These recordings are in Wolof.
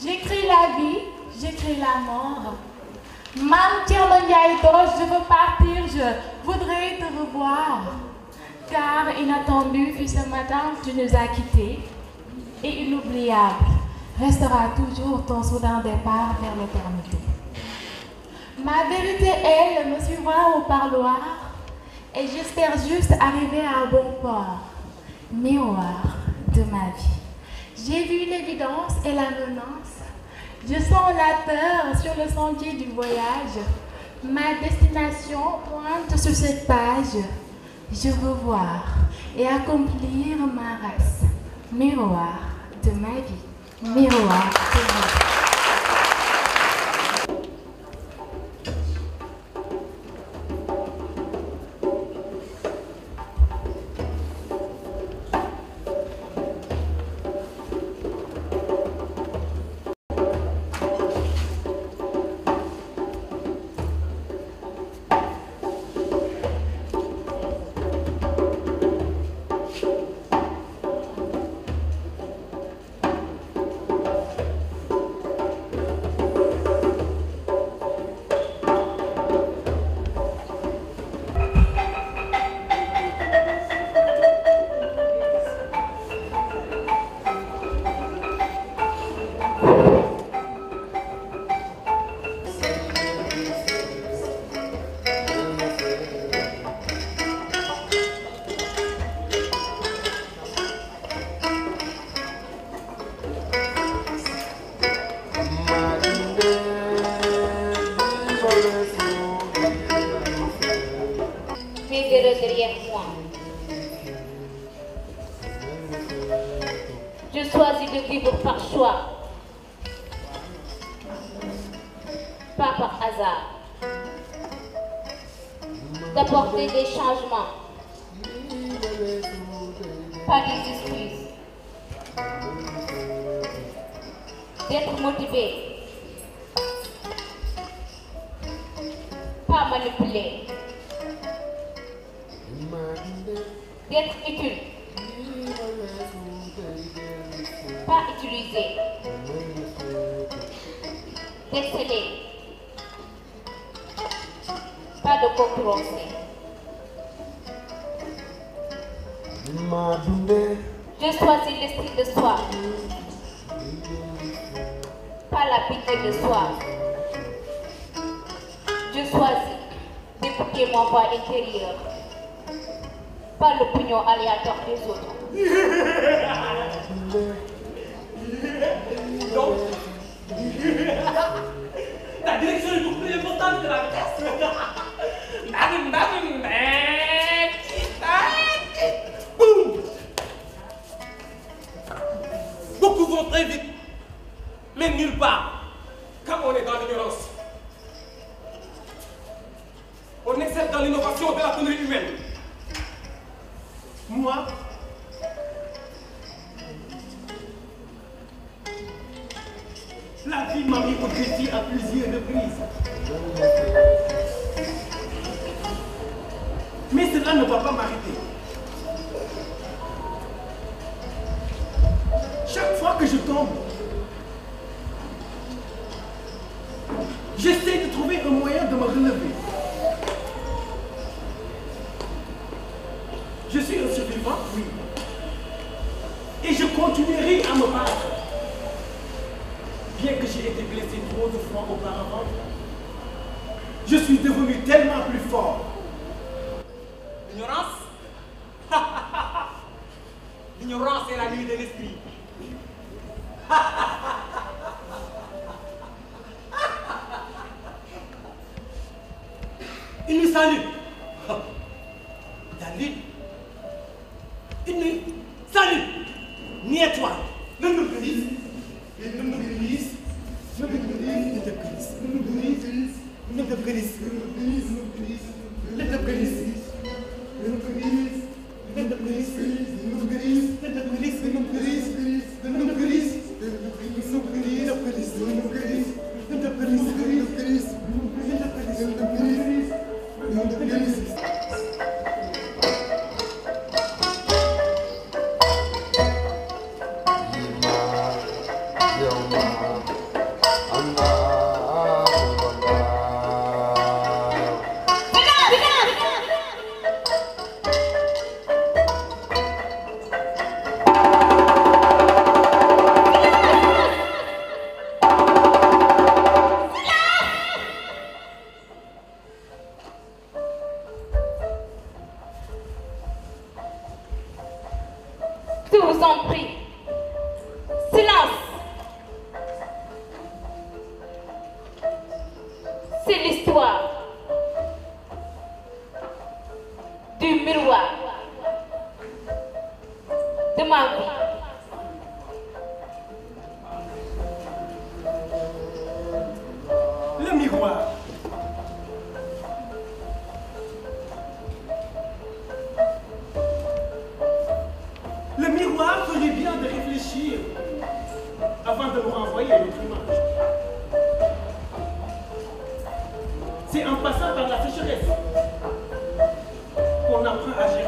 J'écris la vie, j'écris la mort. Mam Tiermondiaïdo, je veux partir, je voudrais te revoir. Car inattendu, fut ce matin, tu nous as quittés. Et inoubliable restera toujours ton soudain départ vers l'éternité. Ma vérité, elle, me suivra au parloir. Et j'espère juste arriver à bon port. Miroir de ma vie. J'ai vu l'évidence et la Je sens la peur sur le sentier du voyage. Ma destination pointe sur cette page. Je veux voir et accomplir ma race. Miroir de ma vie. Miroir de ma vie. choisi d'écouter mon voix intérieure, pas l'opinion aléatoire des autres. Donc, la direction est beaucoup plus importante que la vitesse. Boum Beaucoup vont très vite, mais nulle part. corruption de la connerie humaine moi la vie m'a mis au défi à plusieurs reprises mais cela ne va pas m'arrêter chaque fois que je tombe j'essaie de trouver un moyen de me relever continuerai à me battre. Bien que j'ai été blessé trop de fois auparavant, je suis devenu tellement plus fort. L'ignorance L'ignorance est la nuit de l'esprit. Il nous salue. David, il nous salue. Nettoie. Let me breathe. Let me breathe. Let me breathe. Let me breathe. Let me breathe. Let me breathe. Let me breathe. C'est en passant par la sécheresse qu'on apprend à gérer.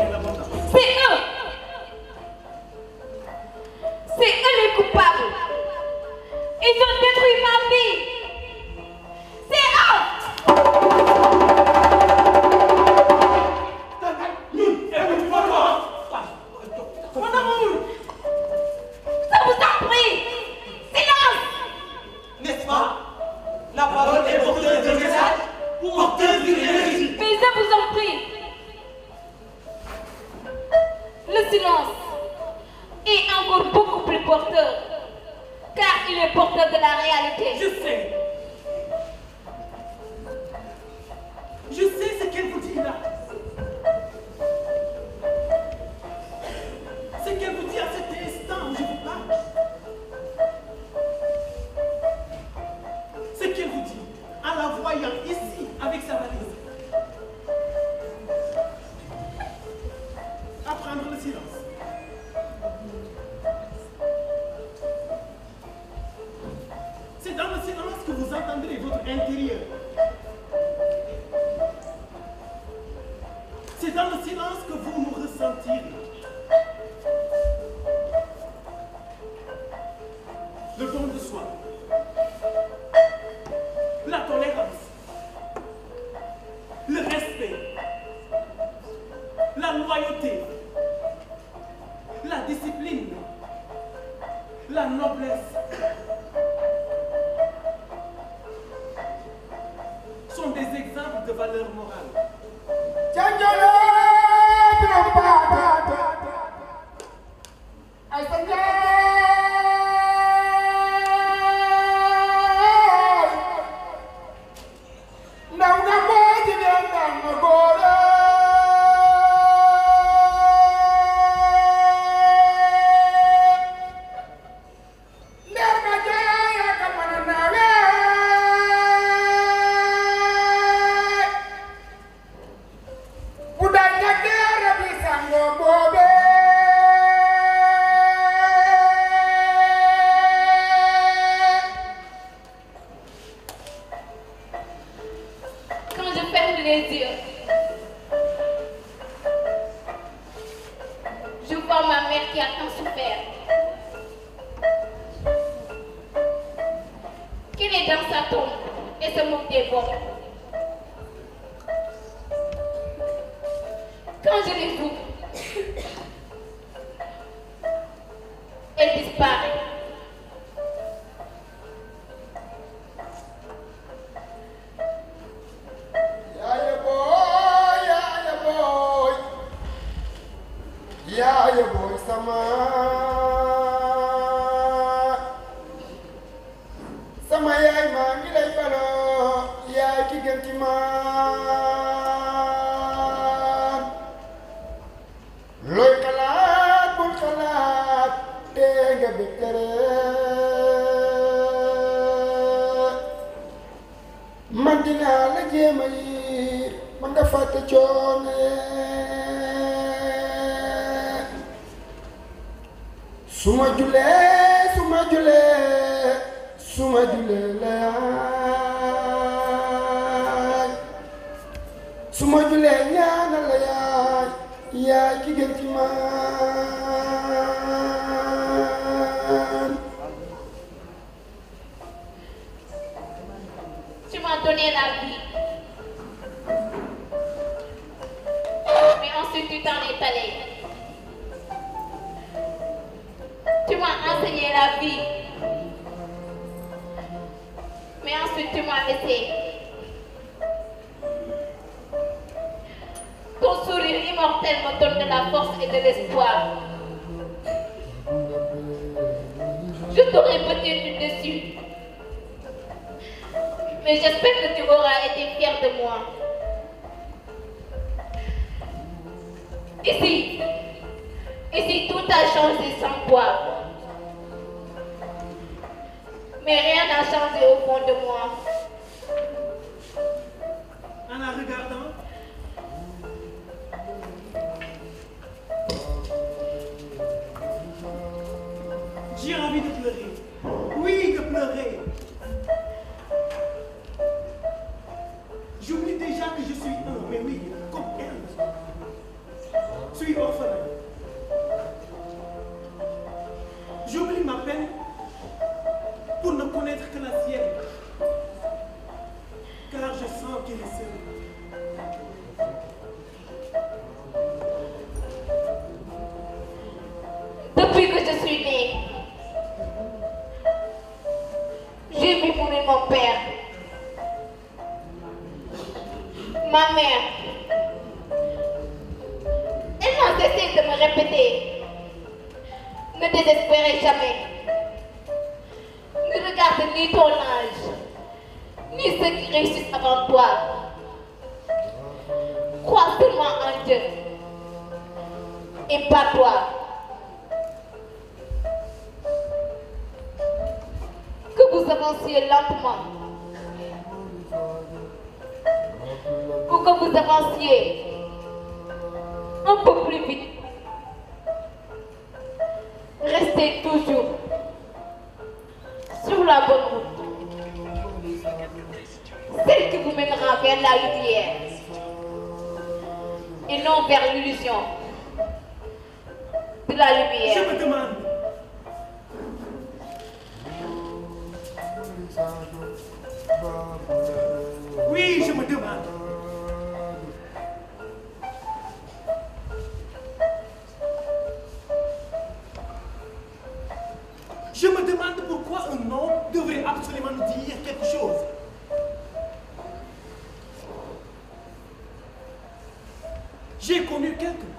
la noblesse sont des exemples de valeur morale. coonee su ma julee su ma julee su ma julee la Je me demande pourquoi un nom devrait absolument dire quelque chose. J'ai connu quelques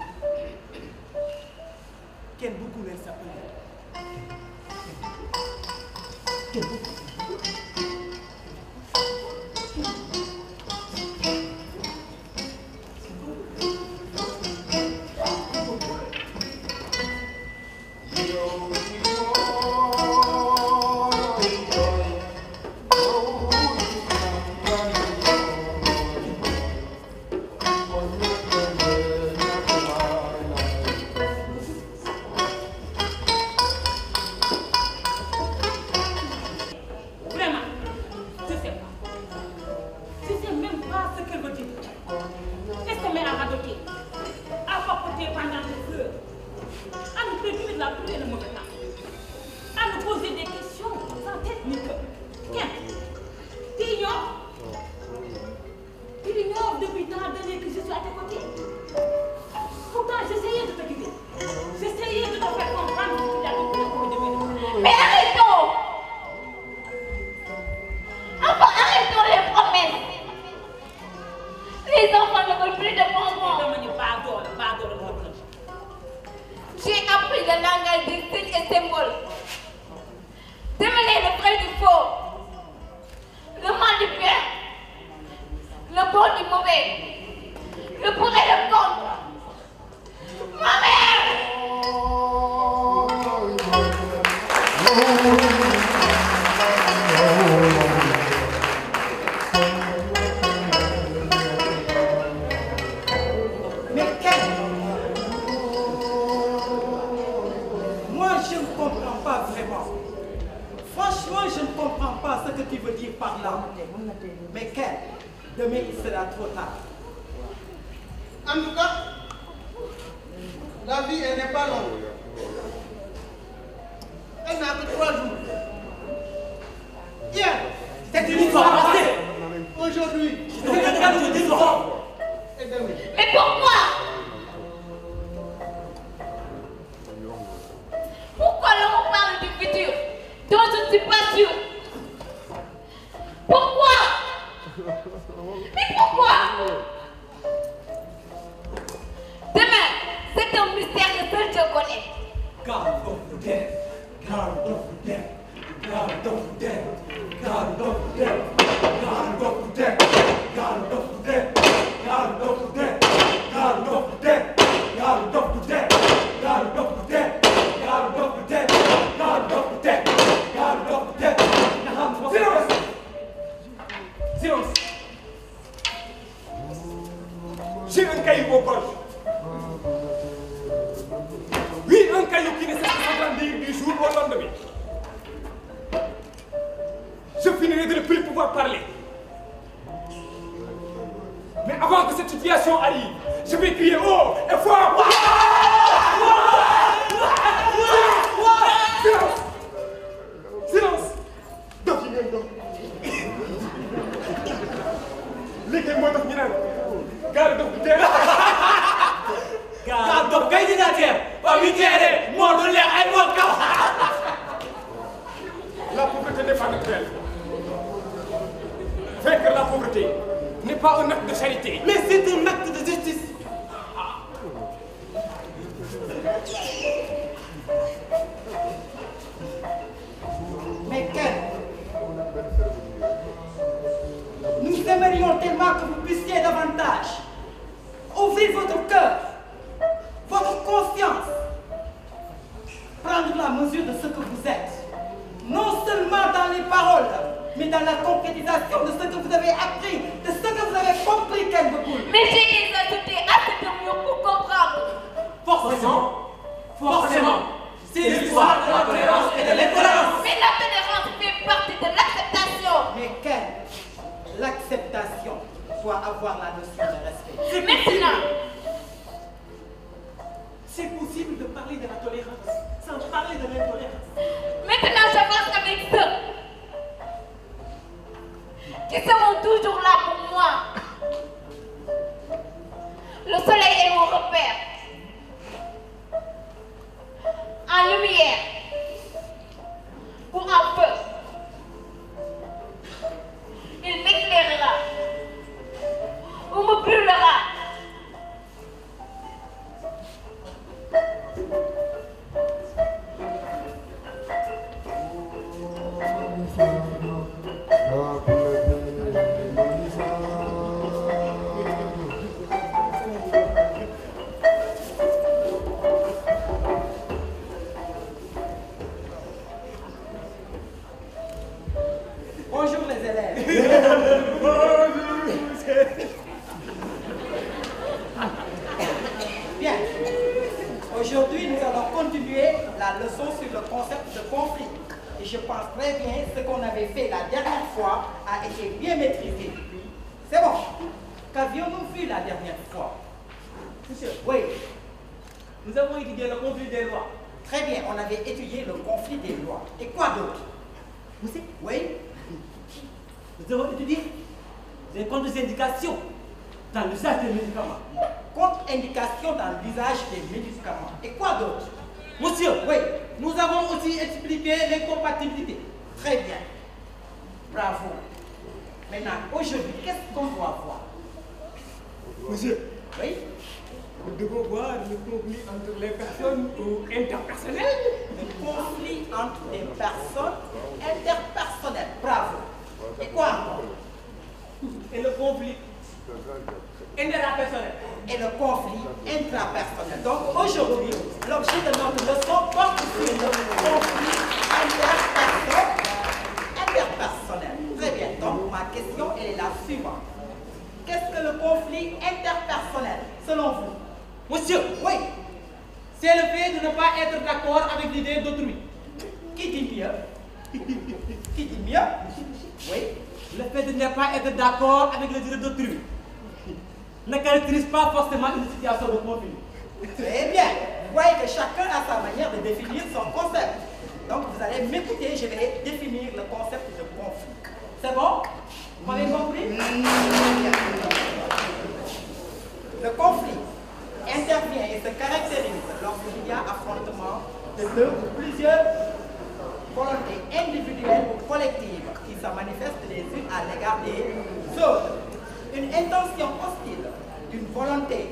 le bon du mauvais, le pour et le contre. Demain, il sera situation arrive, je vais crier haut oh, Bravo. Interpersonnel. Bravo. Et quoi encore Et le conflit interpersonnel. Et le conflit intrapersonnel. Donc aujourd'hui, l'objet de notre leçon porte le conflit interpersonnel. interpersonnel. Très bien. Donc ma question est la suivante. Qu'est-ce que le conflit interpersonnel selon vous Monsieur, oui. C'est le fait de ne pas être d'accord avec l'idée d'autrui. Qui dit mieux qui dit bien, oui, le fait de ne pas être d'accord avec les idées d'autrui ne caractérise pas forcément une situation de conflit. Très bien. Vous voyez chacun a sa manière de définir son concept. Donc vous allez m'écouter, je vais définir le concept de conflit. C'est bon Vous avez compris Le conflit intervient et se caractérise lorsqu'il y a affrontement de deux plusieurs volonté individuelle ou collective qui se manifeste les unes à l'égard des autres. Une intention hostile d'une volonté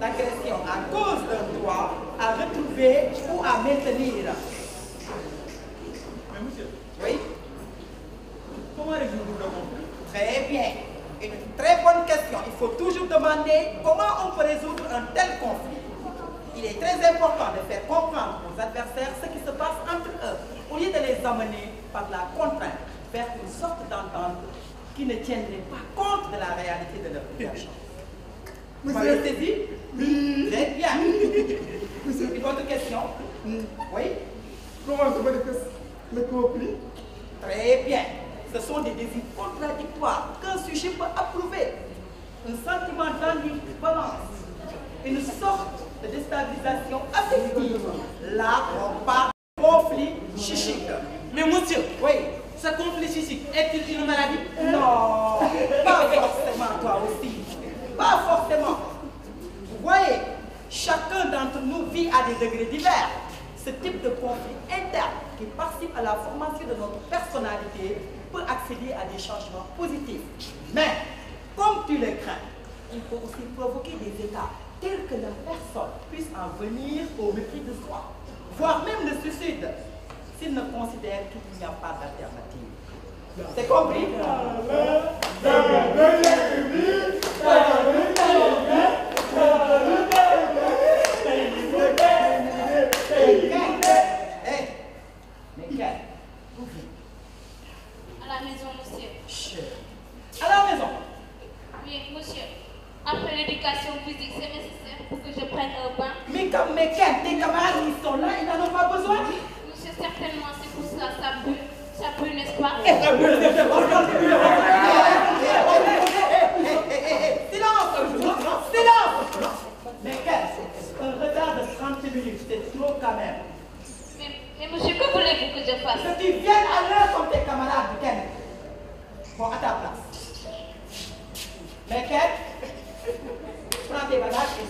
d'agression à cause d'un droit à retrouver ou à maintenir. Mais monsieur. Oui. Comment résoudre le conflit Très bien. Une très bonne question. Il faut toujours demander comment on peut résoudre un tel conflit. il est très important de faire comprendre aux adversaires ce qui se passe entre eux, au lieu de les amener par la contrainte vers une sorte d'entente qui ne tiendrait pas compte de la réalité de leur situation. Vous avez mm. Très bien. Monsieur. Mm. autre question mm. Oui Comment se manifeste le Très bien. Ce sont des désirs contradictoires qu'un sujet peut approuver. Un sentiment d'ambivalence, une sorte de déstabilisation affective. Là, on parle de conflit psychique. Mais monsieur, ce conflit psychique est une maladie? Non, pas forcément toi aussi. Pas forcément. Vous voyez, chacun d'entre nous vit à des degrés divers. Ce type de conflit interne qui participe à la formation de notre personnalité peut accéder à des changements positifs. Mais, comme tu le il peut aussi provoquer des états telle que la personne puisse en venir au mépris de soi, voire même le suicide, s'il ne considère qu'il n'y a pas d'alternative. C'est compris eh, À la maison, monsieur. À la maison. Oui, monsieur. Après l'éducation physique, c'est nécessaire pour que je prenne un bain. Mais comme mes tes camarades, ils sont là, ils n'en ont pas besoin. Monsieur, certainement, c'est pour cela, ça brûle, ça brûle, n'est-ce pas Et eh, ça brûle, ça brûle, eh, eh, Silence Silence Mais c'est un retard de 30 minutes, c'est trop quand même. Mais, mais monsieur, que voulez-vous que je fasse Que tu viennes à l'heure comme tes camarades, Ken. Bon, à ta place. Mais Ken aveva dato il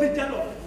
de dialogue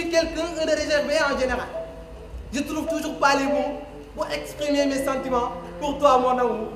suis quelqu'un de réservé en général. Je trouve toujours pas les mots pour exprimer mes sentiments pour toi, mon amour.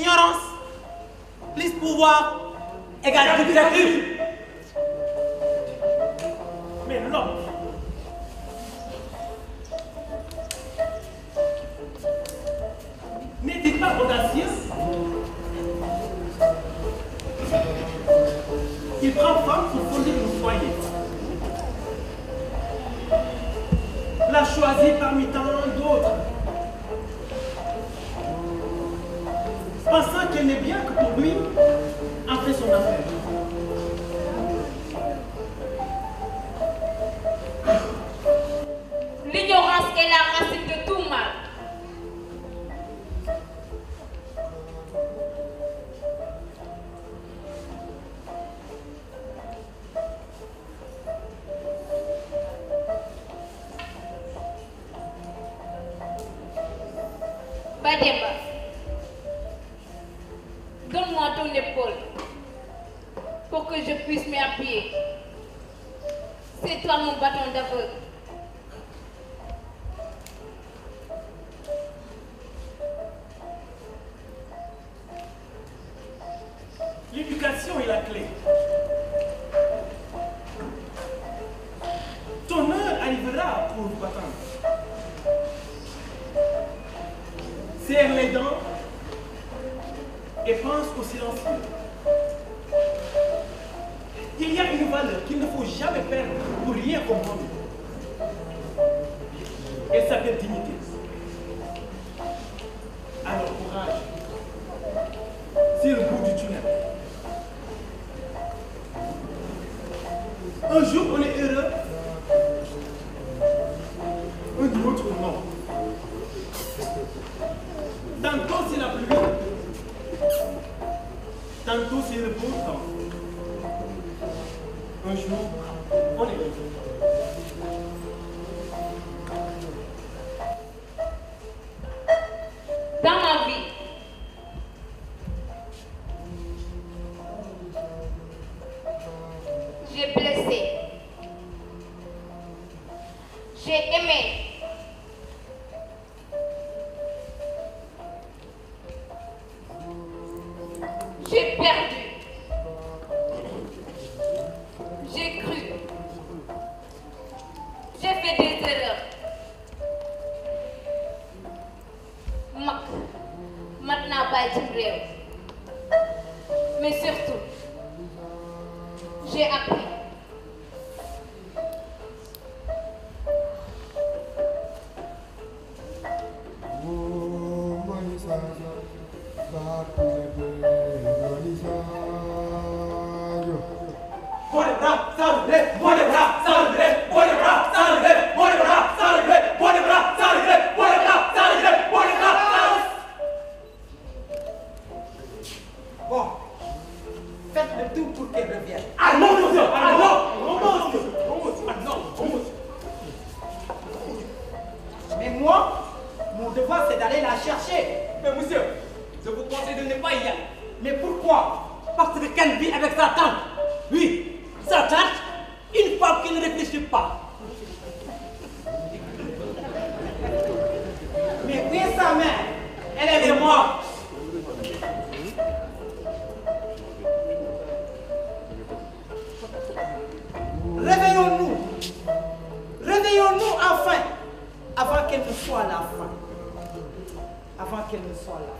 ignorance plus pouvoir égale dictature bien comprendre et sa dignité. Alors courage, c'est le bout du tunnel. Bon, faites le tout pour qu'elle revienne. Ah non, non, non, ah moi, mon devoir c'est d'aller la chercher. Mais monsieur, je vous conseille de ne pas y pourquoi Parce que qu'elle vit avec sa tante. Oui, sa tante, une femme qui ne réfléchit pas. Mais où est sa moi. quelquefois la fin. Avant qu'elle ne soit là.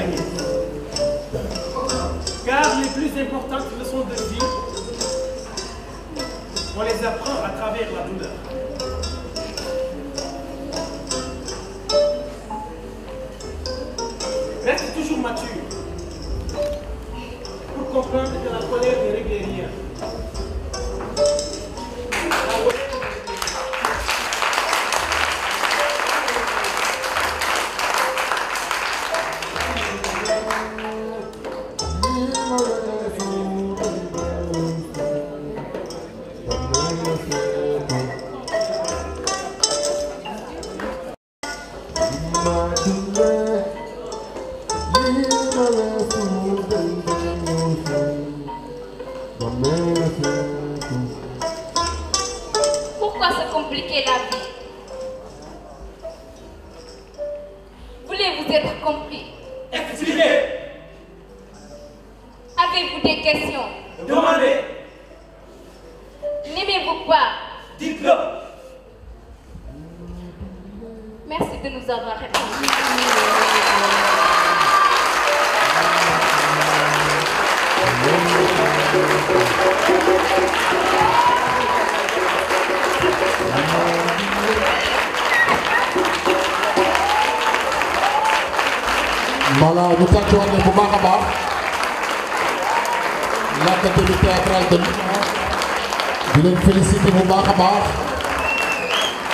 gagner. Car les plus importantes leçons de vie, on les apprend à travers la douleur. Reste toujours mature pour comprendre que la colère ne règle rien.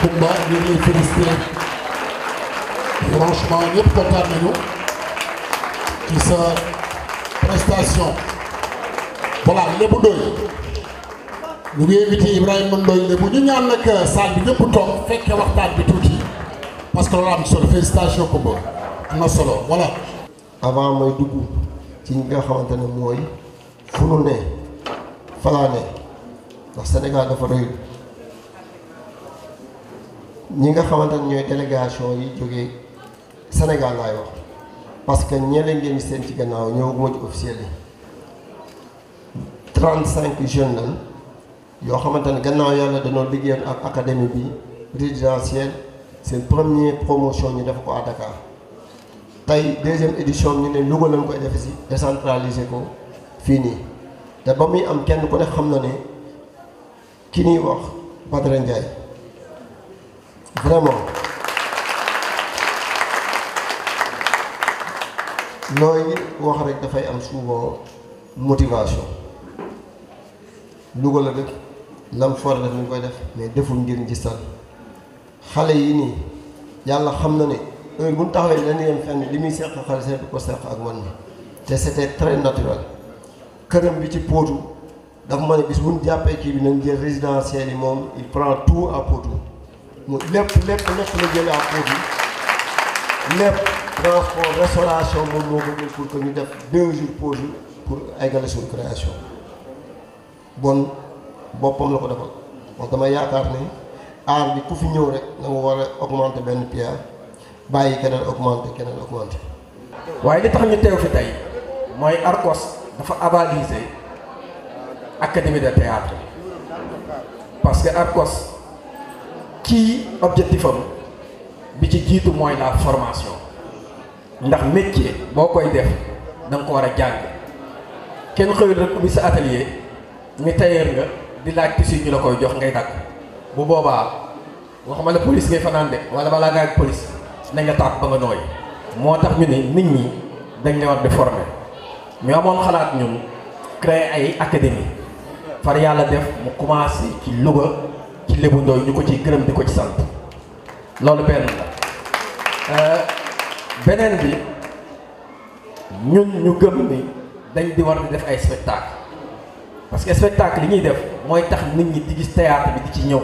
Koumba ñu ngi franchement ñëpp kontaan nañu ci sa prestation voilà Lébu Ndoye ñu ngi invité Ibrahima Ndoye Lébu ñu ñaan nag salle bi ñëpp toog waxtaan bi tuuti parce que loolu am solo félicitation Koumba avant mooy dugg ci nga xamante ne mooy fu ne falaa ndax Sénégal dafa rëy. ñi nga xamante ne ñooy délégation yi jóge Sénégal laay wax parce que ñeneen ngeen seen ci gannaaw ñëwaguma ci officiel yi 35 jeunes lañ yoo xamante ne gannaaw yàlla danoo liggéeyoon ak académie bi résidentielle seen première promotion ñu def ko à Dakar tey deuxième édition ñu ne Louga lañ koy def si ko fii nii te ba muy am kenn ku ne xam na ne ki ñuy wax Badara vraiment nooy wax rek dafay am souvent motivation ko la dëkk lam for def ñu koy def mais deful ngir ngistal xale yi nii yàlla xam na ne bu taxawee dañuy yem fenn li muy seq xale seet du ko seq ak man mi te c'était très naturel këram bi ci Potou dafa ma ne bis bu ñu jàppee kii bi nañ jël résidentiel yi moom il prend tout à Potou mu lépp lépp lépp la jëlee à produit lépp transport restauration moom moo ko jël pour que ñu def deux jours pause yi pour eggale création bon boppam la ko defal moom dama yaakaar ne aar bi ku fi ñëw rek da nga war a augmenter benn pierre bàyyi keneen augmenter keneen augmenter. waaye li tax ñu teew fi tey mooy Arcos dafa avalisé académie de théâtre parce que Arcos. kii objectif am bi ci jiitu mooy la formation ndax métier boo koy def danga ko war a jàng kenn xëyul rek ubbi sa atelier ni tailleur nga di laaj tissu ñu la koy jox ngay dagg bu boobaa waxuma la police ngay fanaan def wala balaa ngaa polis nañ la tàpp ba nga nooy moo tax ñu ne nit ñi dañ la war di former ñu amoon xalaat ñun créer ay académie far yàlla def mu commencé ci Louga. ci Lébu Ndoy ñu ko ci gërëm di ko ci sant loolu benn euh, beneen bi ñun ñu gëm ni dañ di war di def ay spectacle parce que spectacle li ñuy def mooy tax nit ñi di gis théâtre bi di ci ñëw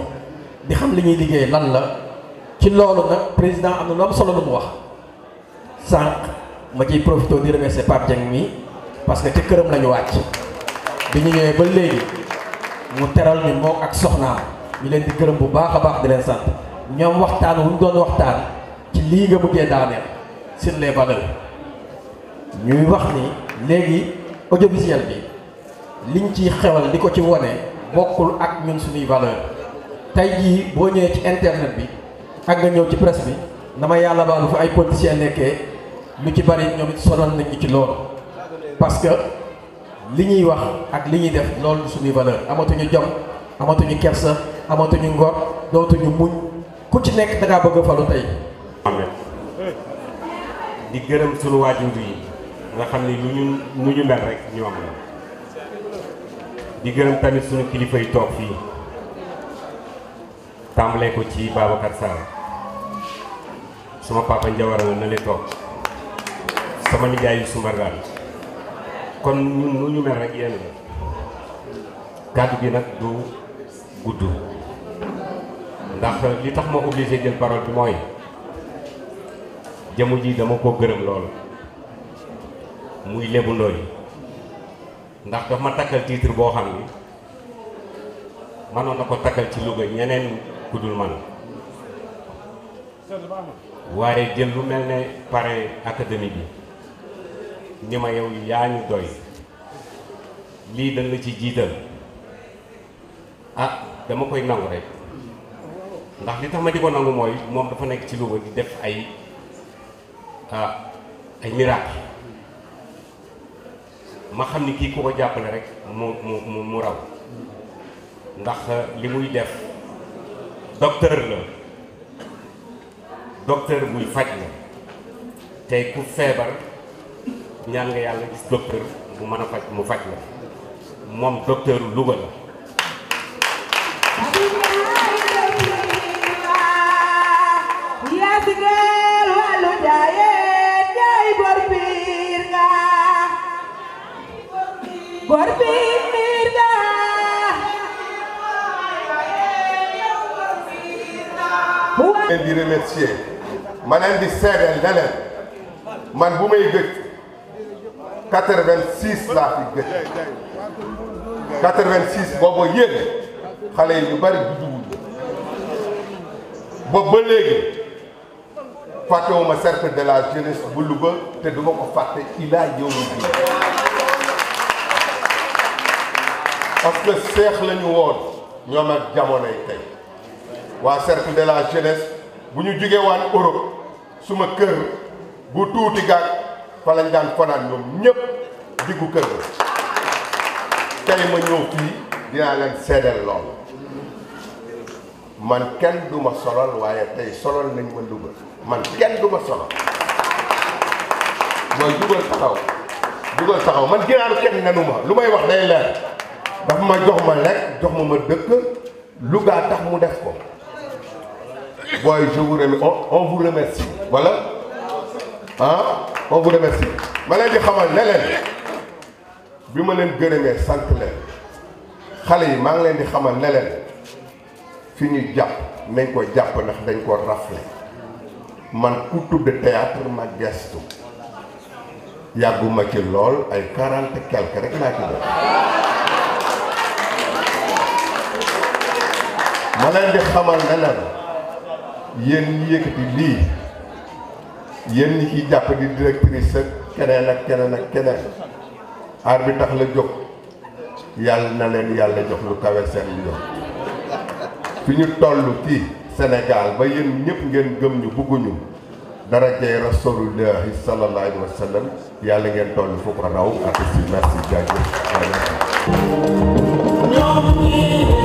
di xam li ñuy liggéey lan la ci loolu nag président am na loolu solo lu mu wax sànq ma ciy profité di remercier Pape Dieng mi parce que ca këram la ñu wàcc bi ñu ñëwee ba léegi mu teral ni moom ak soxnaam ñu leen di gërëm bu baax a baax di leen sant ñoom waxtaan wu ñu doon waxtaan ci lii nga mujjee daaneel sur les valeurs ñuy wax ni léegi audiovisuel bi liñ ciy xewal di ko ci wone bokkul ak ñun suñuy valeur tey jii boo ñëwee ci internet bi ak nga ñëw ci presse bi dama yàlla baalu fa ay politiciens nekkee lu ci bari ñoom it sonal nañ ci loolu parce que li ñuy wax ak li ñuy def loolu suñuy valeur amatuñu jom amatuñu kersa amatuñu ngor dootuñu muñ ku ci nekk da bëgg a falu tey. di gërëm sunu waajur yi nga xam ni lu ñu ñu mel rek ñoom la di gërëm tamit sunu kilifa yi toog fii tàmbalee ko ci Babacar Sarr suma papa Njawara na le toog sama nijaay yu sumbargaan kon ñun lu ñu mel rek yéen la kàddu nag du. gudd ndax li tax ma obligé jël parole bi mooy jëmu ji dama ko gërëm lool muy Lébu Ndoy ndax daf ma takkal titre boo xam ni mënoon na ko takkal ci luga ñeneen ku dul man waaye jël lu mel ne parrain académie bi ni ma yow yaa ñu doy lii dañ la ci jiital ah dama koy nangu rek ndax li tax ma di ko nangu mooy moom dafa nekk ci Louga di def ay ay miracle ma xam ni kii ku ko jàppale rek mu mu mu raw ndax euh, li muy def docteur la docteur buy faj la te ku feebar ñaan nga yàlla gis docteur bu mën a faj mu faj la moom docteur Louga la leen di remercier ma leen di seedeel ne leen man bu may gëj quatre-vingt-six laa fi gëj quatre yéeg xale yi ñu bari judduwul boobu ba léegi fàttewuma cercle de la jeunesse bu Louga te duma ko fàtte ilaa yow parce que seex la ñu woon ñoom ak jamonoy tey waa cercle la jeunesse bu ñu jugee waan Europe suma kër bu tuuti gaat fa lañ daan fanaan ñoom ñëpp diggu kër ga tey ma ñëw fii dinaa leen seedeel lool man kenn du ma solal waaye tey solal nañ ma Louga man kenn du ma solal mooy dugal taxaw dugal taxaw man ginaaru kenn nenu ma lu may wax day leer dafa ma jox ma lekk jox ma ma dëkk Louga tax mu def ko booy je vous remercie on vous remercie voilà ah on vous remercie ma leen di xamal ne leen bi ma leen gërëmee sant leen xale yi maa ngi leen di xamal neleen leen fi ñu jàpp nañ ko jàpp ndax dañ ko rafle man ku tudd théâtre ma gestu yàgguma ci lool ay quarante quelque rek laa ci def ma leen di xamal ne yenn yéen ñi yëkkati lii yéen ñi ciy jàpp di directrice ak keneen ak keneen ak keneen aar bi tax la jóg yàlla na leen yàlla jox lu kawe seen jox fi ñu toll ci Sénégal ba yéen ñëpp ngeen gëm ñu bugguñu dara jay rasulullahi sallallahu alayhi wa sallam yàlla ngeen toll fu ko raw ak si merci jaajëf